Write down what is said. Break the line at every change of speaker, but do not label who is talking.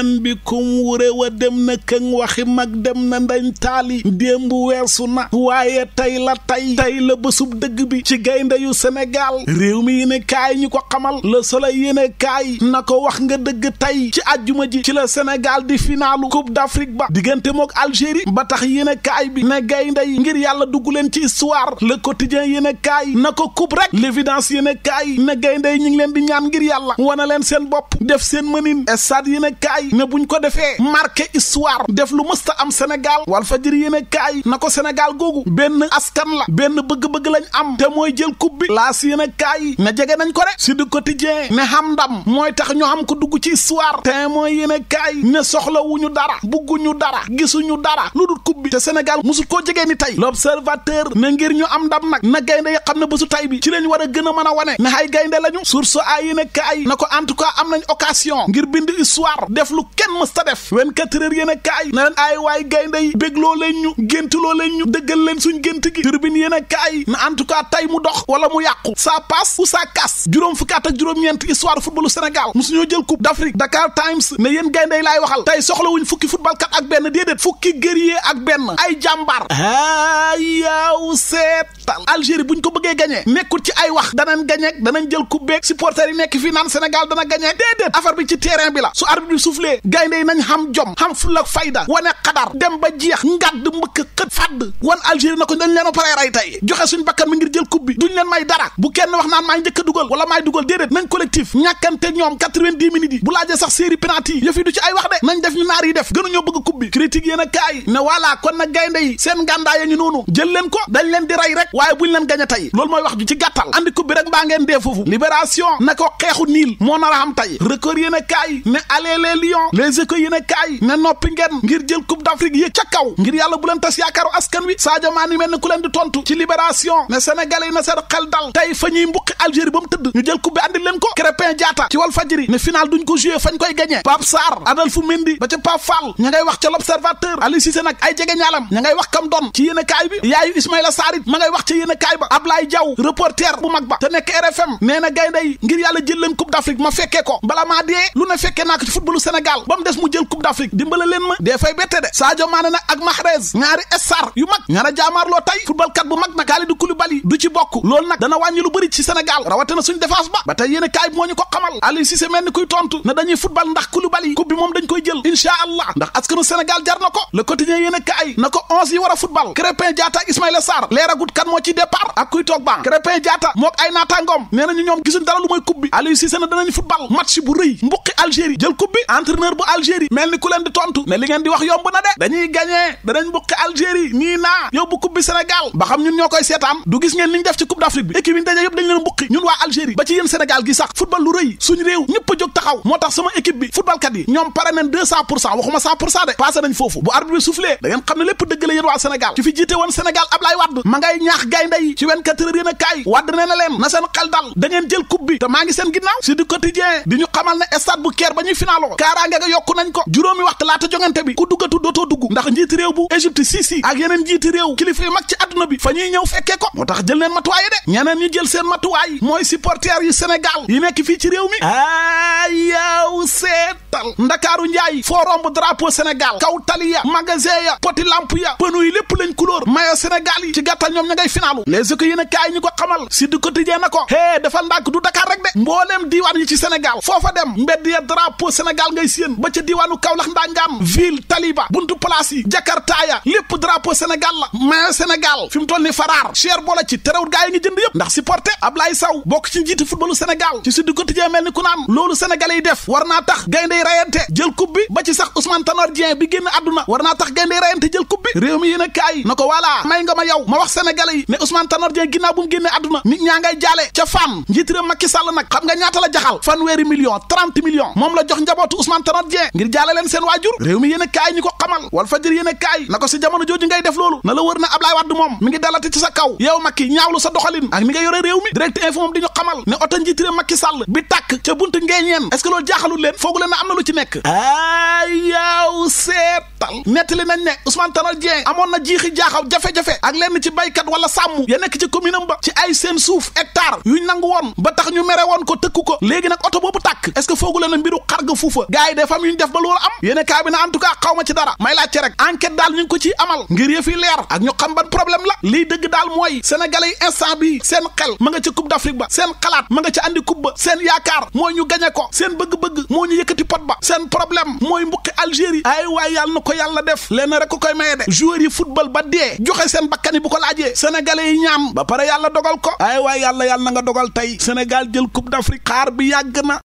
an bikum wure wa dem na këng waxi mag dem na ndañ taali démb weesu na waaye tey la tey tey la bésub dëgg bi ci gaynde yu Sénégal réew mi yéene kaay ñu ko xamal Le Soleil yéene kaay na ko wax nga dëgg tey ci àjjuma ji ci la senegal di finaalu Coupe d'Afrique ba diggante mook algeri ba tax yéene kaay bi ne gaynde yi ngir yàlla dugg leen ci histoire Le Quotidien yéene kaay na ko coupe rek L'Évidence yéene na ne gaynde yi ñu ngi leen di ñaan ngir yàlla wana leen seen bopp def seen mënin Stades yéene ne buñ ko defee marqué histoire deflu lu mësta am Sénégal Walfadjri yéene kaay na ko Sénégal googu benn askan la benn bëgg-bëgg lañ am te mooy jël coupe bi laas yéene kaay na jege nañ ko de si du quotidien ne xam ndam mooy tax ñu am ko dugg ci histoire te mooy yéene kaay ne soxlawuñu dara bugguñu dara gisuñu dara lu dul coupe bi te Sénégal musu koo jegee ni tey l'observateur ne ngir ñu am ndam nag na gaynde ya xam ne bésu tay bi ci lañ war a gën a mën a wane ne ay gaynde lañu source a yéene kaay na ko en tout cas am nañ occasion ngir bind histoire def lu kenn mës def 24 heures yéen a kaay na leen aay waay gaynde yi bégloo leen ñu géntaloo leen ñu dëggal leen suñ gént gi turbine yéen a na en tout cas tey mu dox wala mu yàqu ça passe ou ça casse juróom fukki at juróom-ñeent histoire footballu Sénégal musuñoo jël coupe d'Afrique Dakar Times ne yéen gaynde yi laay waxal tey soxlawuñ fukki footballkat ak benn déedéet fukki guerrier ak benn ay jàmbaar aa yaw seet Algérie bu ñu ko bëggee gañee nekkul ci ay wax danañ gañeek danañ jël coupe beeg supporters yi nekk fii naan Sénégal dana gañeek déedéet affaire bi ci terrain bi la su arbitre bi soufflé gaynde yi nañ xam jom xam fulla fayda wane xadar dem ba jeex ngadd mbëkk xët fàdd wan Algérie na ko dañ leen a paree ray tey joxe suñu bakkan mi ngir jël coupe duñ leen may dara bu kenn wax naan maay njëkk a dugal wala maay dugal déedéet nañ collectif ñàkkante ñoom 90 yi bu a kaay ne voilà kon nag gaynde yi seen leen ko dañ leen di ray rek waaye buñ leen gañ a tey loolu mooy wax ju ci gàttal andi coupe bi rek dee foofu libération na xeexu niil moo nar a am tey record yéen ne allez les lions les échos yéen a ne noppi ngeen ngir jël coupe d'Afrique yéeg ca kaw ngir yàlla bu leen tas askan wi Sadio Mané mel ku leen di tontu ci libération ne sénégalais yi na seen xel dal tey fa ñuy mbuqi Algérie mu tëdd ñu jël coupe andi leen ko Crépin Diatta ci wal fajiri ne final duñ ko joué fañ koy gagné Pape a kaay bi wax yéenekaay ba Ablaye Diaw reporter bu mag ba te nekk RFM nee na gaynde yi ngir yàlla jël leen coupe d'Afrique ma fekkee ko bala maa dee lu ne fekkee naa ko ci footballu ba mu des suñ défense ba ba tey yéenekaay bi moo ko xamal Aliou Cissé mel kuy tontu ne dañuy football ndax Koulibaly coupe bi moom dañ koy jël incha allah ndax askanu Sénégal jar na ko le quotidien yéenekaay na ko onze yi war a football Crépin Diatta ak Ismaïla Sarr leeragut moo ci départ ak kuy toog banc Krépin Diatta mook ay naataangoom nee nañu ñoom gisuñ dara lu mooy coupe bi Aliou Cissé na danañ football match bu rëy mbuqi Algérie jël coupe bi bu Algérie mel ni ku leen di tontu ne li ngeen di wax yomb na de dañuy gagné danañ mbuqi Algérie nii naa yóbbu coupe bi ba xam ñun ñoo koy seetaan du gis ngeen li def ci coupe d'Afrique bi équipe yi ñu yëpp dañ leen mbuqi ñun waa Algérie ba ci yéen Sénégal gi sax football lu rëy moo tax sama équipe bi dey ci 24 heures yéen a kaay wadd nee na leen na seen xel dal da ngeen jël coupe bi te maa ngi seen ginnaaw si du quotidien di ñu xamal ne stade bu keer ba ñuy finaaloo kaaraange ga yokku nañ ko juróomi waxtu laata jongante bi ku duggatu dootoo dugg ndax njiiti réew bu Égypte Sisi ak yeneen njiiti réew kilifa yu mag ci àdduna bi fa ñuy ñëw fekkee ko moo tax jël leen matuwaay de ñeneen ñu jël seen matuwaay mooy supporters yu Sénégal yi nekk fii ci réew mi aa yow gàttal ndakaru ndjay foo romb drapeau senegal kaw tali ya, magasin ya poti lamp ya pënu yi lépp lañ couleur mayo senegal yi ci gatal ñom ñay final les éco yéen a kaay xamal si du quotidien nako he hé dafa ndàkk du dakar rek de mbolem diwan yi ci senegal fofa dem mbedd ya drapeau senegal ngay seen ba ca diiwaanu kawlax ndangam ville taliba buntu place yi jakarta ya lepp drapeau senegal la mayo senegal fim tolni farar cher bola ci terewut gaay ñi jënd yëpp ndax supporter Ablaye Saw bok ci njitu football senegal ci si du quotidien melni ku naan lolu senegalay def warna tax gaynde yi rayante jël coupe bi a kaay a ñi ko xamal wal fajër yéen a na ko si jamono jooju ngay def loolu na la wër na Ablaye Wade moom mi ngi dalati ci sa kaw yow Macky ñaawlu sa doxalin ak ni yore réew mi direct info moom di ñu xamal ne oto njiit réew Macky bi tàkk ca bunt ngeeñeen est loolu jaaxalul leen foogu na am am lu Ai, nekk. ah tal nettali nañ ne Ousmane Tanor Dieng amoon na jiixi jaaxaw jafe-jafe ak lenn ci baykat wala sàmm ya nekk ci commune am ba ci ay seen suuf hectare yuñ nangu woon ba tax ñu mere woon ko tëkku ko léegi nag oto boobu tàkk est ce que foogu leen mbiru xar ga fuufa gars yi defam yu ñu def ba loolu am yéene na en tout cas xaw ma ci dara may laajte rek enquête daal ñu ko ci amal ngir yëf leer ak ñu xam ban problème la lii dëgg daal mooy sénégalais yi instant bi seen xel ma nga ci coupe d'Afrique ba seen xalaat ma nga ci andi coupe ba seen yaakaar mooy ñu gañe ko moo ñu na ko ko yàlla def lenn rek ko koy maye de joueur yi football ba dee joxe seen bakkani bu ko laajee sénégalais yi ñaam ba pare yàlla dogal ko ay waay yàlla yàlla na nga dogal tey sénégal jël coupe d'afrique xaar bi yàgg na